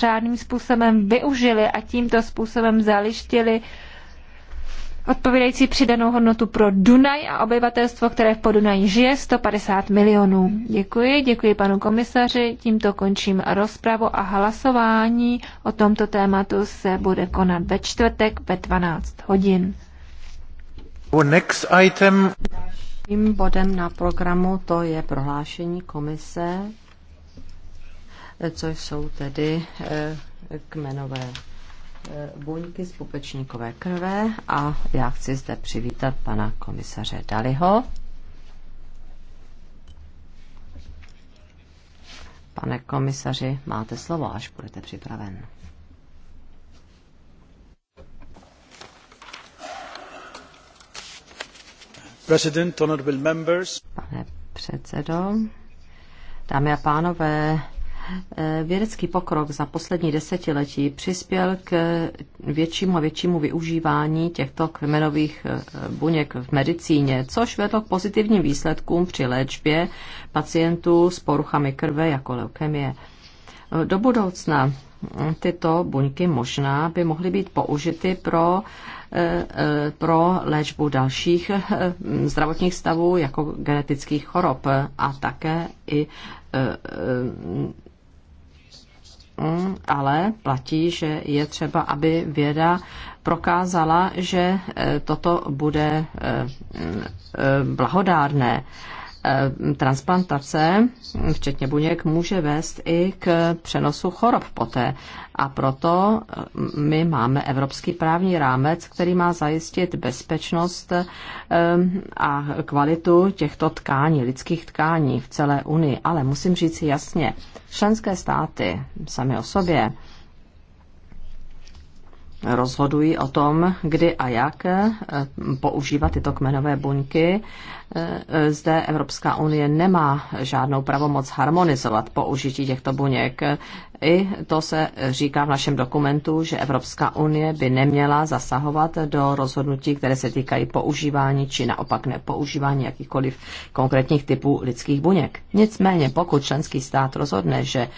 řádným způsobem využili a tímto způsobem zalištili odpovídající přidanou hodnotu pro Dunaj a obyvatelstvo, které v Podunaji žije, 150 milionů. Děkuji, děkuji panu komisaři, tímto končím rozpravu a hlasování o tomto tématu se bude konat ve čtvrtek ve 12 hodin. Next item. Dalším bodem na programu to je prohlášení komise co jsou tedy eh, kmenové eh, buňky z pupečníkové krve a já chci zde přivítat pana komisaře Daliho. Pane komisaři, máte slovo, až budete připraven. President, honorable members. Pane předsedo, dámy a pánové, Eh, vědecký pokrok za poslední desetiletí přispěl k většímu a většímu využívání těchto kmenových eh, buněk v medicíně, což vedlo k pozitivním výsledkům při léčbě pacientů s poruchami krve jako leukemie. Eh, do budoucna hm, tyto buňky možná by mohly být použity pro, pro léčbu dalších hm, zdravotních stavů, jako genetických chorob a také i hm, Mm, ale platí, že je třeba, aby věda prokázala, že eh, toto bude eh, mm, eh, blahodárné Eh, transplantace, včetně buněk, může vést i k přenosu chorob poté. A proto eh, my máme evropský právní rámec, který má zajistit bezpečnost eh, a kvalitu těchto tkání, lidských tkání v celé Unii. Ale musím říct jasně, členské státy sami o sobě rozhodují o tom, kdy a jak eh, používat tyto kmenové buňky. Eh, eh, zde Evropská unie nemá žádnou pravomoc harmonizovat použití těchto buněk. I to se říká v našem dokumentu, že Evropská unie by neměla zasahovat do rozhodnutí, které se týkají používání či naopak nepoužívání jakýchkoliv konkrétních typů lidských buněk. Nicméně, pokud členský stát rozhodne, že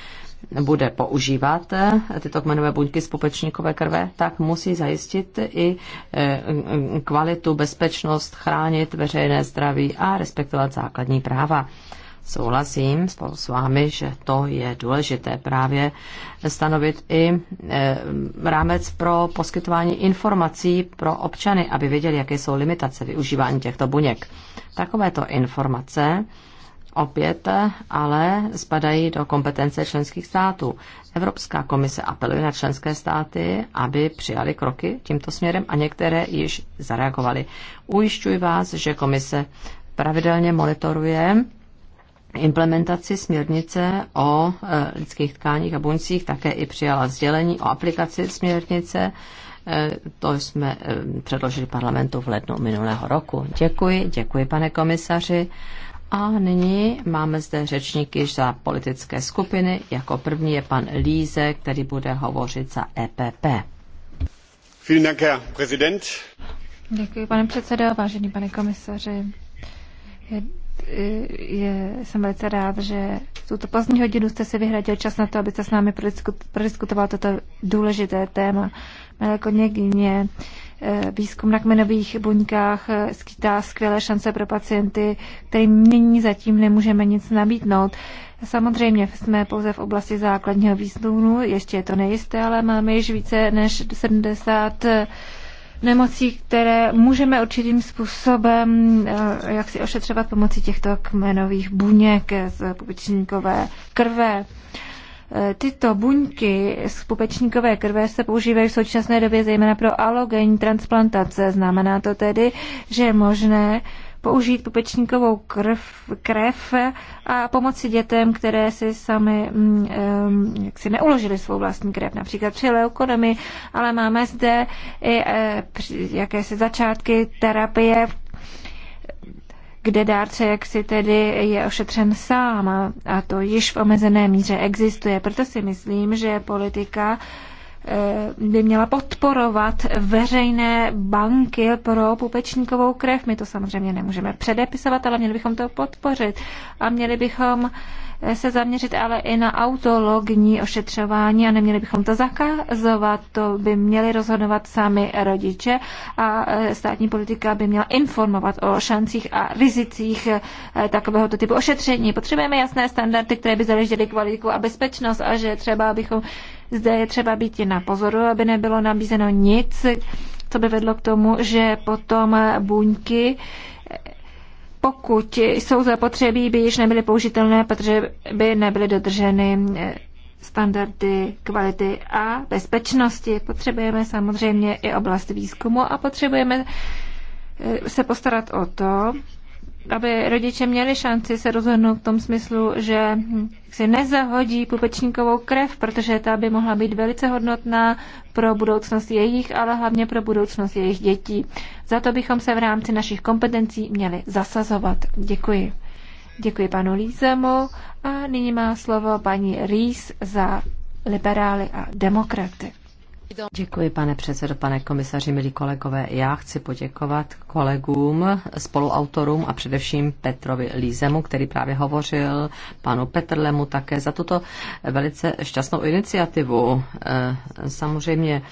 bude používat eh, tyto kmenové buňky z pupečníkové krve, tak musí zajistit i eh, kvalitu, bezpečnost, chránit veřejné zdraví a respektovat základní práva. Souhlasím spolu s vámi, že to je důležité právě stanovit i eh, rámec pro poskytování informací pro občany, aby věděli, jaké jsou limitace využívání těchto buněk. Takovéto informace opět ale spadají do kompetence členských států. Evropská komise apeluje na členské státy, aby přijali kroky tímto směrem a některé již zareagovaly. Ujišťuji vás, že komise pravidelně monitoruje implementaci směrnice o e, lidských tkáních a buňcích, také i přijala sdělení o aplikaci směrnice. E, to jsme e, předložili parlamentu v lednu minulého roku. Děkuji, děkuji pane komisaři. A nyní máme zde řečníky za politické skupiny. Jako první je pan Líze, který bude hovořit za EPP. Děkuji, pane předsedo, vážený pane komisaři. Je, je, jsem velice rád, že v tuto pozdní hodinu jste si vyhradil čas na to, abyste s námi prodiskutoval toto důležité téma. Milé kolegyně, Eh, výzkum na kmenových buňkách eh, skýtá skvělé šance pro pacienty, kterým nyní zatím nemůžeme nic nabídnout. Samozřejmě jsme pouze v oblasti základního výzkumu, ještě je to nejisté, ale máme již více než 70 eh, nemocí, které můžeme určitým způsobem jak si ošetřovat pomocí těchto kmenových buněk z pupičníkové krve. Tyto buňky z pupečníkové krve se používají v současné době zejména pro alogenní transplantace. Znamená to tedy, že je možné použít pupečníkovou krv, krev a pomoci dětem, které si sami um, jak si neuložili svou vlastní krev, například při leukonomii, ale máme zde i uh, jakési začátky terapie kde dárce jaksi tedy je ošetřen sám a to již v omezené míře existuje. Proto si myslím, že politika Eh, by měla podporovat veřejné banky pro pupečníkovou krev. My to samozřejmě nemůžeme předepisovat, ale měli bychom to podpořit. A měli bychom eh, se zaměřit ale i na autologní ošetřování a neměli bychom to zakazovat. To by měli rozhodovat sami rodiče a eh, státní politika by měla informovat o šancích a rizicích takovéhoto typu ošetření. Potřebujeme jasné standardy, které by zajištěly kvalitu a bezpečnost a že třeba bychom zde je třeba být na pozoru, aby nebylo nabízeno nic, co by vedlo k tomu, že potom buňky pokud jsou zapotřebí, by již nebyly použitelné, protože by nebyly dodrženy eh, standardy kvality a bezpečnosti. Potřebujeme samozřejmě i oblast výzkumu a potřebujeme eh, se postarat o to, aby rodiče měli šanci se rozhodnout v tom smyslu, že si nezahodí pupečníkovou krev, protože ta by mohla být velice hodnotná pro budoucnost jejich, ale hlavně pro budoucnost jejich dětí. Za to bychom se v rámci našich kompetencí měli zasazovat. Děkuji. Děkuji panu Lízemu a nyní má slovo paní Rýs za liberály a demokraty. Děkuji, pane předsedo, pane komisaři, milí kolegové. Já chci poděkovat kolegům, spoluautorům a především Petrovi Lízemu, který právě hovořil, panu Petrlemu také za tuto velice šťastnou iniciativu. Eh, samozřejmě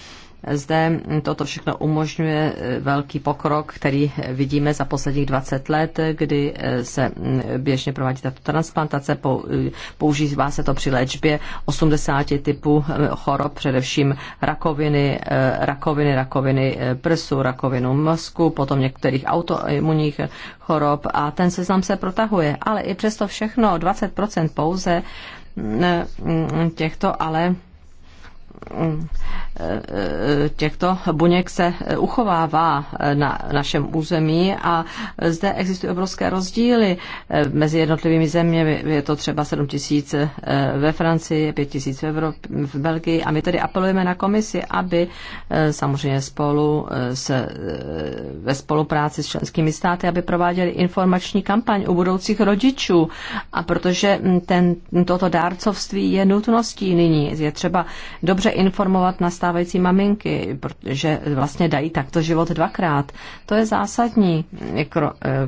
zde toto všechno umožňuje eh, velký pokrok, který eh, vidíme za posledních 20 let, eh, kdy se mm, běžně provádí tato transplantace, používá se to při léčbě 80 typů chorob, především rakoviny, rakoviny, rakoviny prsu, rakovinu mozku, potom některých autoimunních chorob a ten seznam se protahuje. Ale i přesto všechno, 20% pouze mm, mm, těchto, ale těchto buněk se uchovává na našem území a zde existují obrovské rozdíly mezi jednotlivými zeměmi. Je to třeba 7 tisíc ve Francii, 5 tisíc v, v Belgii a my tedy apelujeme na komisi, aby eh, samozřejmě spolu eh, se, eh, ve spolupráci s členskými státy, aby prováděli informační kampaň u budoucích rodičů a protože hm, ten, toto dárcovství je nutností nyní. Je třeba dobře dobře informovat nastávající maminky, že vlastně dají takto život dvakrát. To je zásadní, eh,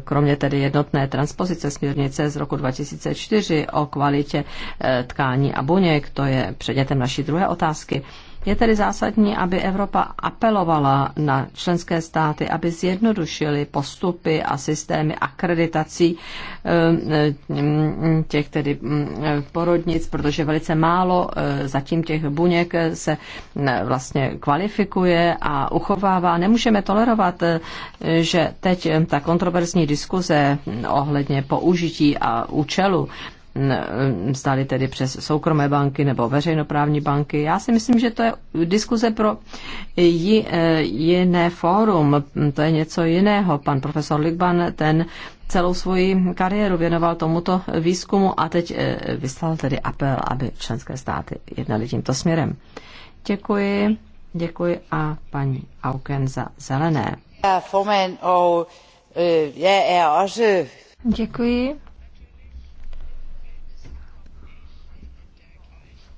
kromě tedy jednotné transpozice směrnice z roku 2004 o kvalitě eh, tkání a buněk, to je předmětem naší druhé otázky. Je tedy zásadní, aby Evropa apelovala na členské státy, aby zjednodušili postupy a systémy akreditací eh, těch tedy eh, porodnic, protože velice málo eh, zatím těch buněk se vlastně kvalifikuje a uchovává. Nemůžeme tolerovat, že teď ta kontroverzní diskuze ohledně použití a účelu stály tedy přes soukromé banky nebo veřejnoprávní banky. Já si myslím, že to je diskuze pro e, jiné fórum, to je něco jiného. Pan profesor Ligban ten celou svoji kariéru věnoval tomuto výzkumu a teď e, vyslal tedy apel, aby členské státy jednaly tímto směrem. Děkuji, děkuji a paní Auken za zelené. Øh, er děkuji.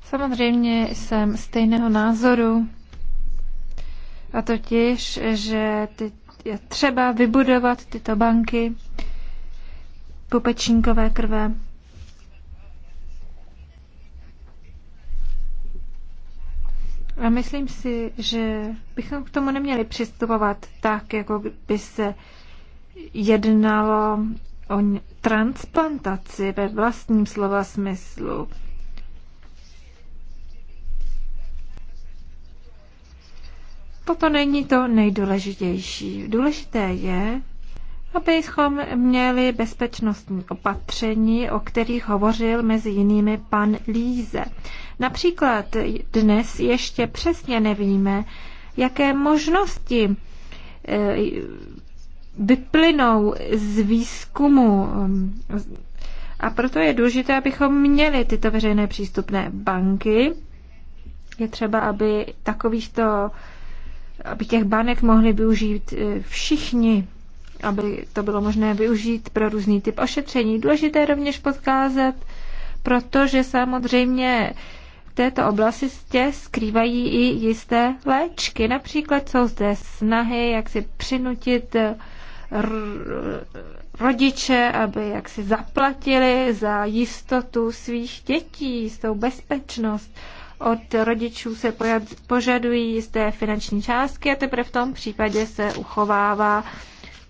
Samozřejmě jsem stejného názoru, a totiž, že ty, je třeba vybudovat tyto banky pupečníkové krve. A myslím si, že bychom k tomu neměli přistupovat tak, jako by se jednalo o transplantaci ve vlastním slova smyslu. Toto není to nejdůležitější. Důležité je, abychom měli bezpečnostní opatření, o kterých hovořil mezi jinými pan Líze. Například dnes ještě přesně nevíme, jaké možnosti eh, vyplynou z výzkumu a proto je důležité, abychom měli tyto veřejné přístupné banky. Je třeba, aby takovýchto aby těch banek mohli využít e, všichni, aby to bylo možné využít pro různý typ ošetření. Důležité je rovněž podkázat, protože samozřejmě v této oblasti skrývají i jisté léčky. Například jsou zde snahy, jak si přinutit e, rodiče, aby jak si zaplatili za jistotu svých dětí, jistou bezpečnost. Od rodičů se požadují jisté finanční částky a teprve v tom případě se uchovává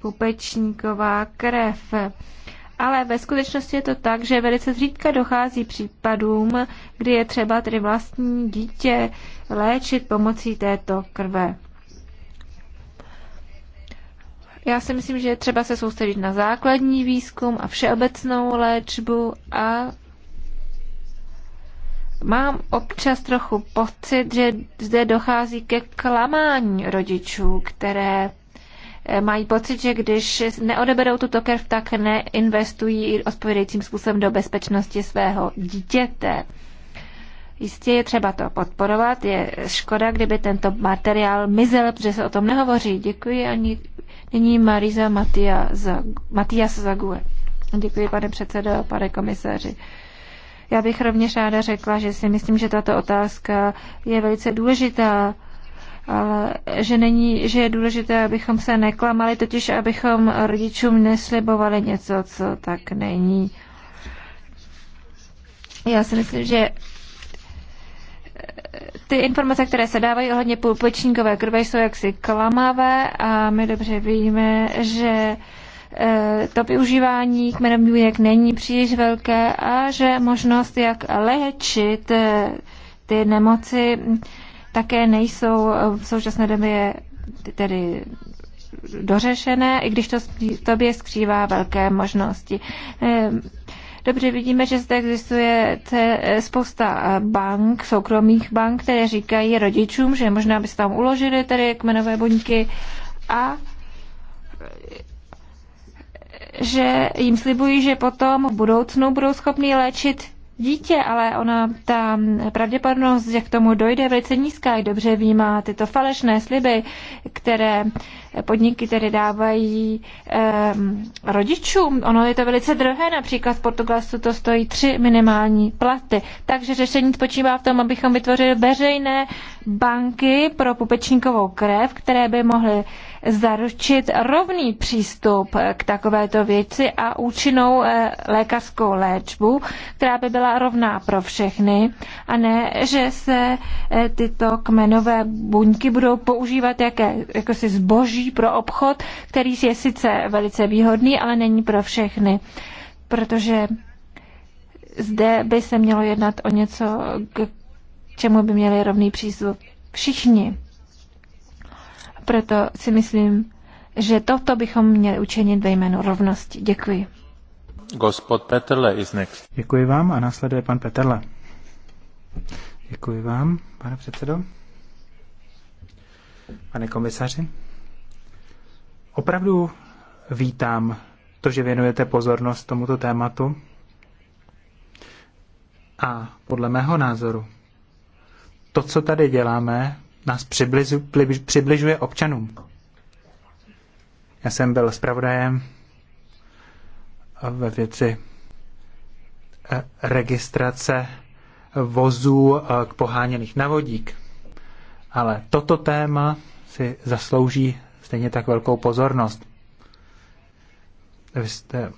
pupečníková krev. Ale ve skutečnosti je to tak, že velice zřídka dochází případům, kdy je třeba tedy vlastní dítě léčit pomocí této krve. Já si myslím, že je třeba se soustředit na základní výzkum a všeobecnou léčbu a Mám občas trochu pocit, že zde dochází ke klamání rodičů, které eh, mají pocit, že když neodeberou tuto krv, tak neinvestují odpovědajícím způsobem do bezpečnosti svého dítěte. Jistě je třeba to podporovat, je škoda, kdyby tento materiál mizel, protože se o tom nehovoří. Děkuji ani nyní Marisa Matias Zague. Děkuji, pane předsedo, pane komisaři. Já bych rovněž ráda řekla, že si myslím, že tato otázka je velice důležitá, ale že, není, že je důležité, abychom se neklamali, totiž abychom rodičům neslibovali něco, co tak není. Já si myslím, že eh, ty informace, které se dávají ohledně půlpečníkové krve, jsou jaksi klamavé a my dobře víme, že Eh, to využívání buněk není příliš velké a že možnost, jak léčit eh, ty nemoci, také nejsou eh, v současné době tedy dořešené, i když to v tobě skřívá velké možnosti. Dobře, vidíme, že zde existuje spousta bank, soukromých bank, které říkají rodičům, že možná by se tam uložili tedy kmenové buňky a že jim slibují, že potom v budoucnu budou schopni léčit dítě, ale ona, ta pravděpodobnost, že k tomu dojde, je velice nízká. Jak dobře vnímá tyto falešné sliby, které podniky tedy dávají eh, rodičům. Ono je to velice drahé, například v Portugalsku to stojí tři minimální platy. Takže řešení spočívá v tom, abychom vytvořili veřejné banky pro pupečníkovou krev, které by mohly zaručit rovný přístup k takovéto věci a účinnou eh, lékařskou léčbu, která by byla rovná pro všechny a ne, že se eh, tyto kmenové buňky budou používat jaké, jako si zboží pro obchod, který je sice velice výhodný, ale není pro všechny. Protože zde by se mělo jednat o něco, k čemu by měli rovný přístup všichni. Proto si myslím, že toto bychom měli učinit ve jménu rovnosti. Děkuji. Gospod Petrle is next. Děkuji vám a následuje pan Petrle. Děkuji vám, pane předsedo. Pane komisaři, opravdu vítám to, že věnujete pozornost tomuto tématu. A podle mého názoru, to, co tady děláme, nás přiblizu, přibližuje občanům. Já jsem byl zpravodajem ve věci eh, registrace vozů eh, k poháněných na vodík. Ale toto téma si zaslouží stejně tak velkou pozornost. Vy jste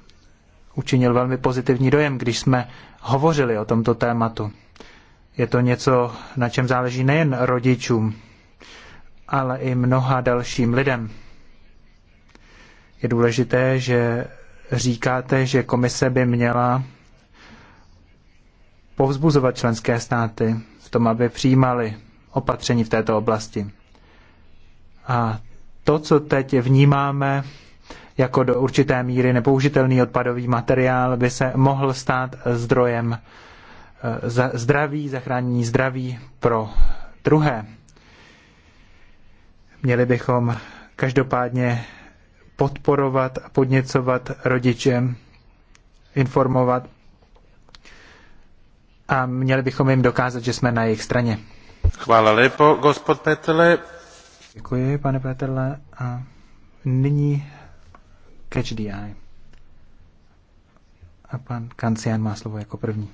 učinil velmi pozitivní dojem, když jsme hovořili o tomto tématu. Je to něco, na čem záleží nejen rodičům, ale i mnoha dalším lidem. Je důležité, že říkáte, že komise by měla povzbuzovat členské státy v tom, aby přijímali opatření v této oblasti. A to, co teď vnímáme jako do určité míry nepoužitelný odpadový materiál, by se mohl stát zdrojem Eh, za zdraví, zachránění zdraví pro druhé. Měli bychom každopádně podporovat a podněcovat rodiče, informovat a měli bychom jim dokázat, že jsme na jejich straně. Chvála lepo, gospod Petele. Děkuji, pane Petele. A nyní catch the eye. A pan Kancián má slovo jako první.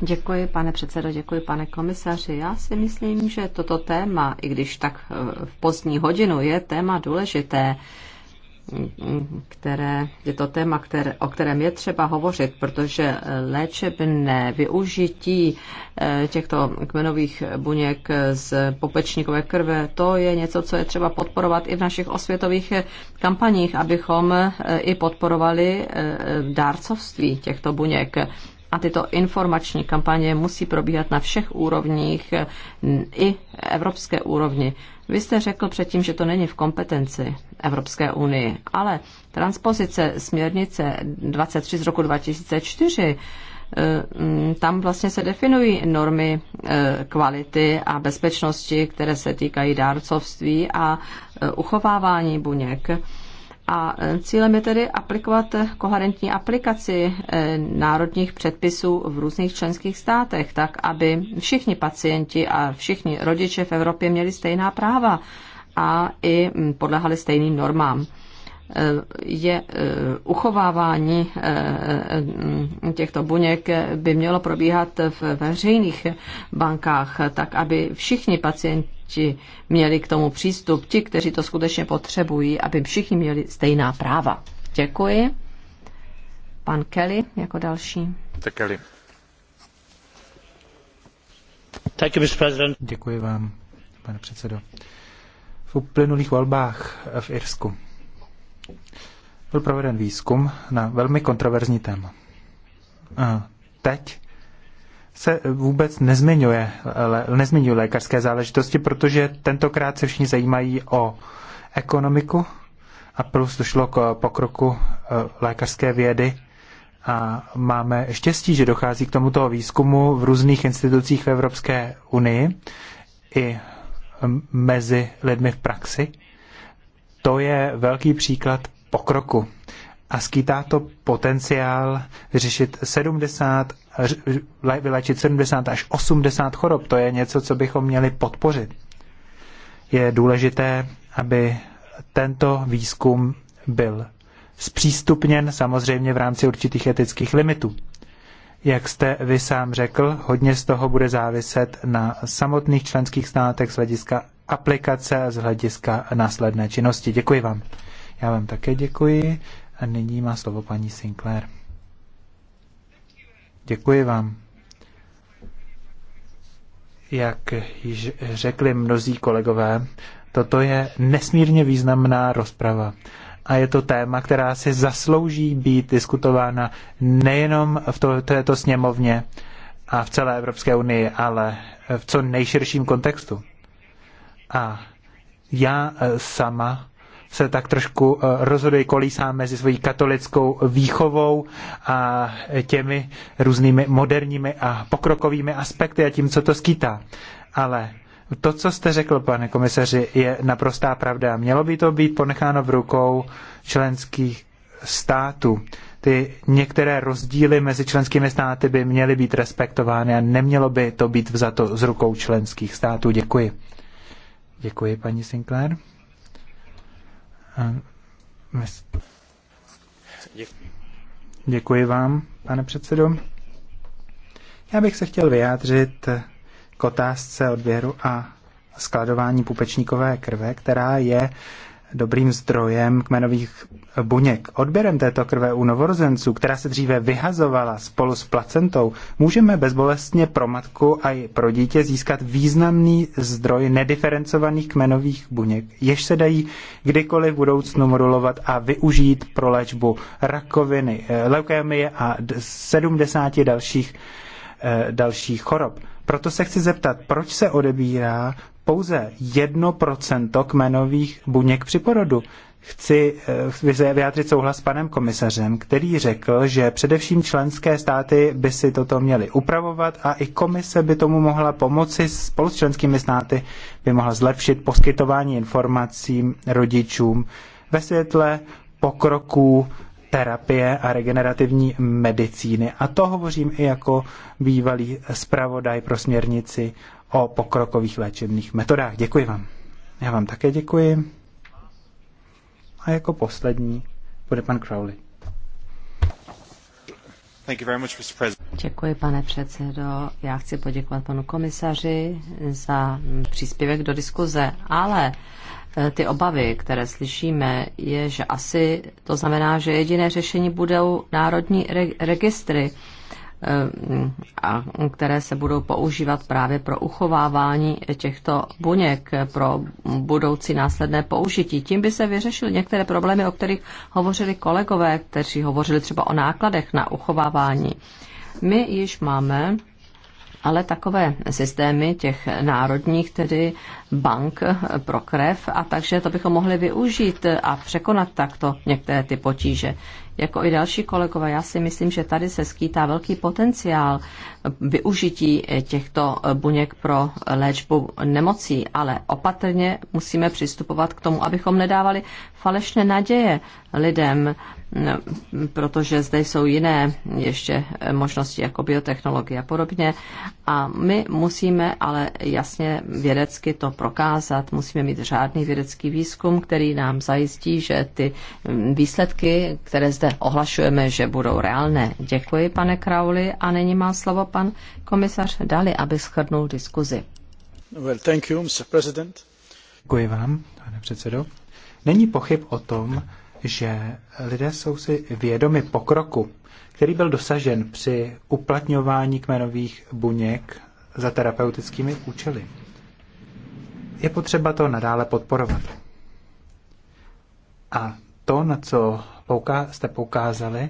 Děkuji, pane předsedo, děkuji, pane komisaři. Já si myslím, že toto téma, i když tak eh, v pozdní hodinu, je téma důležité které, je to téma, které, o kterém je třeba hovořit, protože léčebné využití eh, těchto kmenových buněk z popečníkové krve, to je něco, co je třeba podporovat i v našich osvětových eh, kampaních, abychom eh, i podporovali dárcovství těchto buněk. A tyto informační kampaně musí probíhat na všech úrovních, i evropské úrovni. Vy jste řekl předtím, že to není v kompetenci Evropské unii, ale transpozice směrnice 23 z roku 2004 eh, mm, tam vlastně se definují normy eh, kvality a bezpečnosti, které se týkají dárcovství a eh, uchovávání buněk. A cílem je tedy aplikovat koherentní aplikaci eh, národních předpisů v různých členských státech, tak aby všichni pacienti a všichni rodiče v Evropě měli stejná práva a i hm, podlehali stejným normám eh, je eh, uchovávání hm, těchto buněk by mělo probíhat v veřejných bankách, tak aby všichni pacienti ti měli k tomu přístup, ti, kteří to skutečně potřebují, aby všichni měli stejná práva. Děkuji. Pan Kelly jako další. Tak Kelly. Děkuji vám, pane předsedo. V uplynulých volbách v Irsku byl proveden výzkum na velmi kontroverzní téma. A teď se vůbec nezmiňuje, nezmiňuje lékařské záležitosti, protože tentokrát se všichni zajímají o ekonomiku a plus došlo k pokroku e, lékařské vědy a máme štěstí, že dochází k tomuto výzkumu v různých institucích v Evropské unii i mezi lidmi v praxi. To je velký příklad pokroku a skýtá to potenciál řešit 70 vylečit 70 až 80 chorob. To je něco, co bychom měli podpořit. Je důležité, aby tento výzkum byl zpřístupněn samozřejmě v rámci určitých etických limitů. Jak jste vy sám řekl, hodně z toho bude záviset na samotných členských státech z hlediska aplikace a z hlediska následné činnosti. Děkuji vám. Já vám také děkuji. A nyní má slovo paní Sinclair. Děkuji vám. Jak již řekli mnozí kolegové, toto je nesmírně významná rozprava. A je to téma, která si zaslouží být diskutována nejenom v to, této sněmovně a v celé Evropské unii, ale v co nejširším kontextu. A já eh, sama se tak trošku eh, rozhoduje kolísá mezi svojí katolickou výchovou a těmi různými moderními a pokrokovými aspekty a tím, co to skýtá. Ale to, co jste řekl, pane komisaři, je naprostá pravda. Mělo by to být ponecháno v rukou členských států. Ty některé rozdíly mezi členskými státy by měly být respektovány a nemělo by to být vzato z rukou členských států. Děkuji. Děkuji, paní Sinclair. Eh, Děkuji. vám, pane předsedo. Já bych se chtěl vyjádřit eh, k otázce odběru a skladování pupečníkové krve, která je dobrým zdrojem kmenových buněk. Odběrem této krve u novorozenců, která se dříve vyhazovala spolu s placentou, můžeme bezbolestně pro matku a i pro dítě získat významný zdroj nediferencovaných kmenových buněk, jež se dají kdykoliv v budoucnu modulovat a využít pro léčbu rakoviny, eh, leukémie a 70 dalších, eh, dalších chorob. Proto se chci zeptat, proč se odebírá pouze jedno procento kmenových buněk při porodu. Chci eh, vyjádřit souhlas s panem komisařem, který řekl, že především členské státy by si toto měly upravovat a i komise by tomu mohla pomoci spolu s členskými státy, by mohla zlepšit poskytování informací rodičům ve světle pokroků terapie a regenerativní medicíny. A to hovořím i jako bývalý zpravodaj pro směrnici o pokrokových léčebných metodách. Děkuji vám. Já vám také děkuji. A jako poslední bude pan Crowley. Děkuji, pane předsedo. Já chci poděkovat panu komisaři za příspěvek do diskuze, ale eh, ty obavy, které slyšíme, je, že asi to znamená, že jediné řešení budou národní re- registry a které se budou používat právě pro uchovávání těchto buněk pro budoucí následné použití. Tím by se vyřešily některé problémy, o kterých hovořili kolegové, kteří hovořili třeba o nákladech na uchovávání. My již máme ale takové systémy těch národních, tedy bank pro krev, a takže to bychom mohli využít a překonat takto některé ty potíže jako i další kolegové, já si myslím, že tady se skýtá velký potenciál využití eh, těchto eh, buněk pro eh, léčbu nemocí, ale opatrně musíme přistupovat k tomu, abychom nedávali falešné naděje lidem, mm, protože zde jsou jiné ještě možnosti jako biotechnologie a podobně. A my musíme ale jasně vědecky to prokázat, musíme mít řádný vědecký výzkum, který nám zajistí, že ty mm, výsledky, které zde zde ohlašujeme, že budou reálné. Děkuji, pane Krauli, a nyní má slovo pan komisař Dali, aby schrnul diskuzi. Well, thank you, Mr. President. Děkuji vám, pane předsedo. Není pochyb o tom, že lidé jsou si vědomi pokroku, který byl dosažen při uplatňování kmenových buněk za terapeutickými účely. Je potřeba to nadále podporovat. A to, na co pouká, jste poukázali,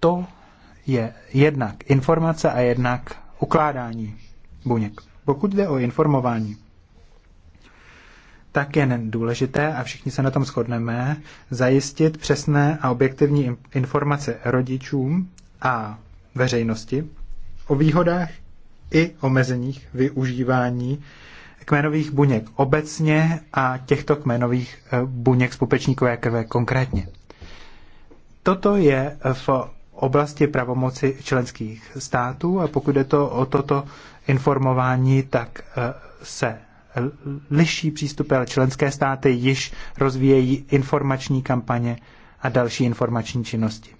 to je jednak informace a jednak ukládání buněk. Pokud jde o informování, tak je důležité, a všichni se na tom shodneme, zajistit přesné a objektivní informace rodičům a veřejnosti o výhodách i omezeních využívání kmenových buněk obecně a těchto kmenových eh, buněk z pupečníkové krve konkrétně. Toto je v oblasti pravomoci členských států a pokud je to o toto informování, tak eh, se liší přístupy, ale členské státy již rozvíjejí informační kampaně a další informační činnosti.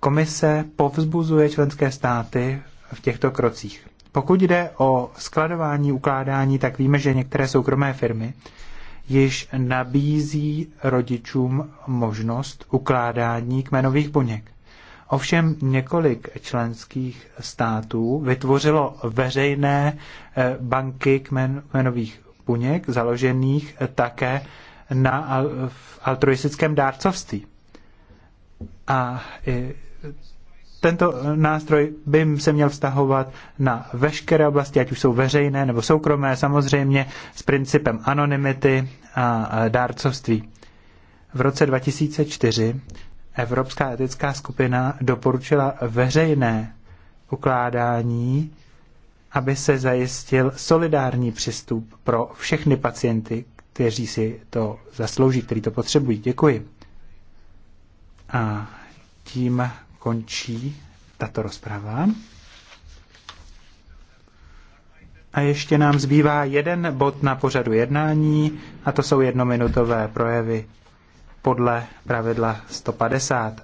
Komise povzbuzuje členské státy v těchto krocích. Pokud jde o skladování, ukládání, tak víme, že některé soukromé firmy již nabízí rodičům možnost ukládání kmenových buněk. Ovšem několik členských států vytvořilo veřejné eh, banky kmen, kmenových buněk, založených také na altruistickém dárcovství. A eh, tento eh, nástroj by se měl vztahovat na veškeré oblasti, ať už jsou veřejné nebo soukromé, samozřejmě s principem anonymity a dárcovství. V roce 2004 Evropská etická skupina doporučila veřejné ukládání, aby se zajistil solidární přístup pro všechny pacienty, kteří si to zaslouží, kteří to potřebují. Děkuji. A tím končí tato rozprava. A ještě nám zbývá jeden bod na pořadu jednání, a to jsou jednominutové projevy podle pravidla 150.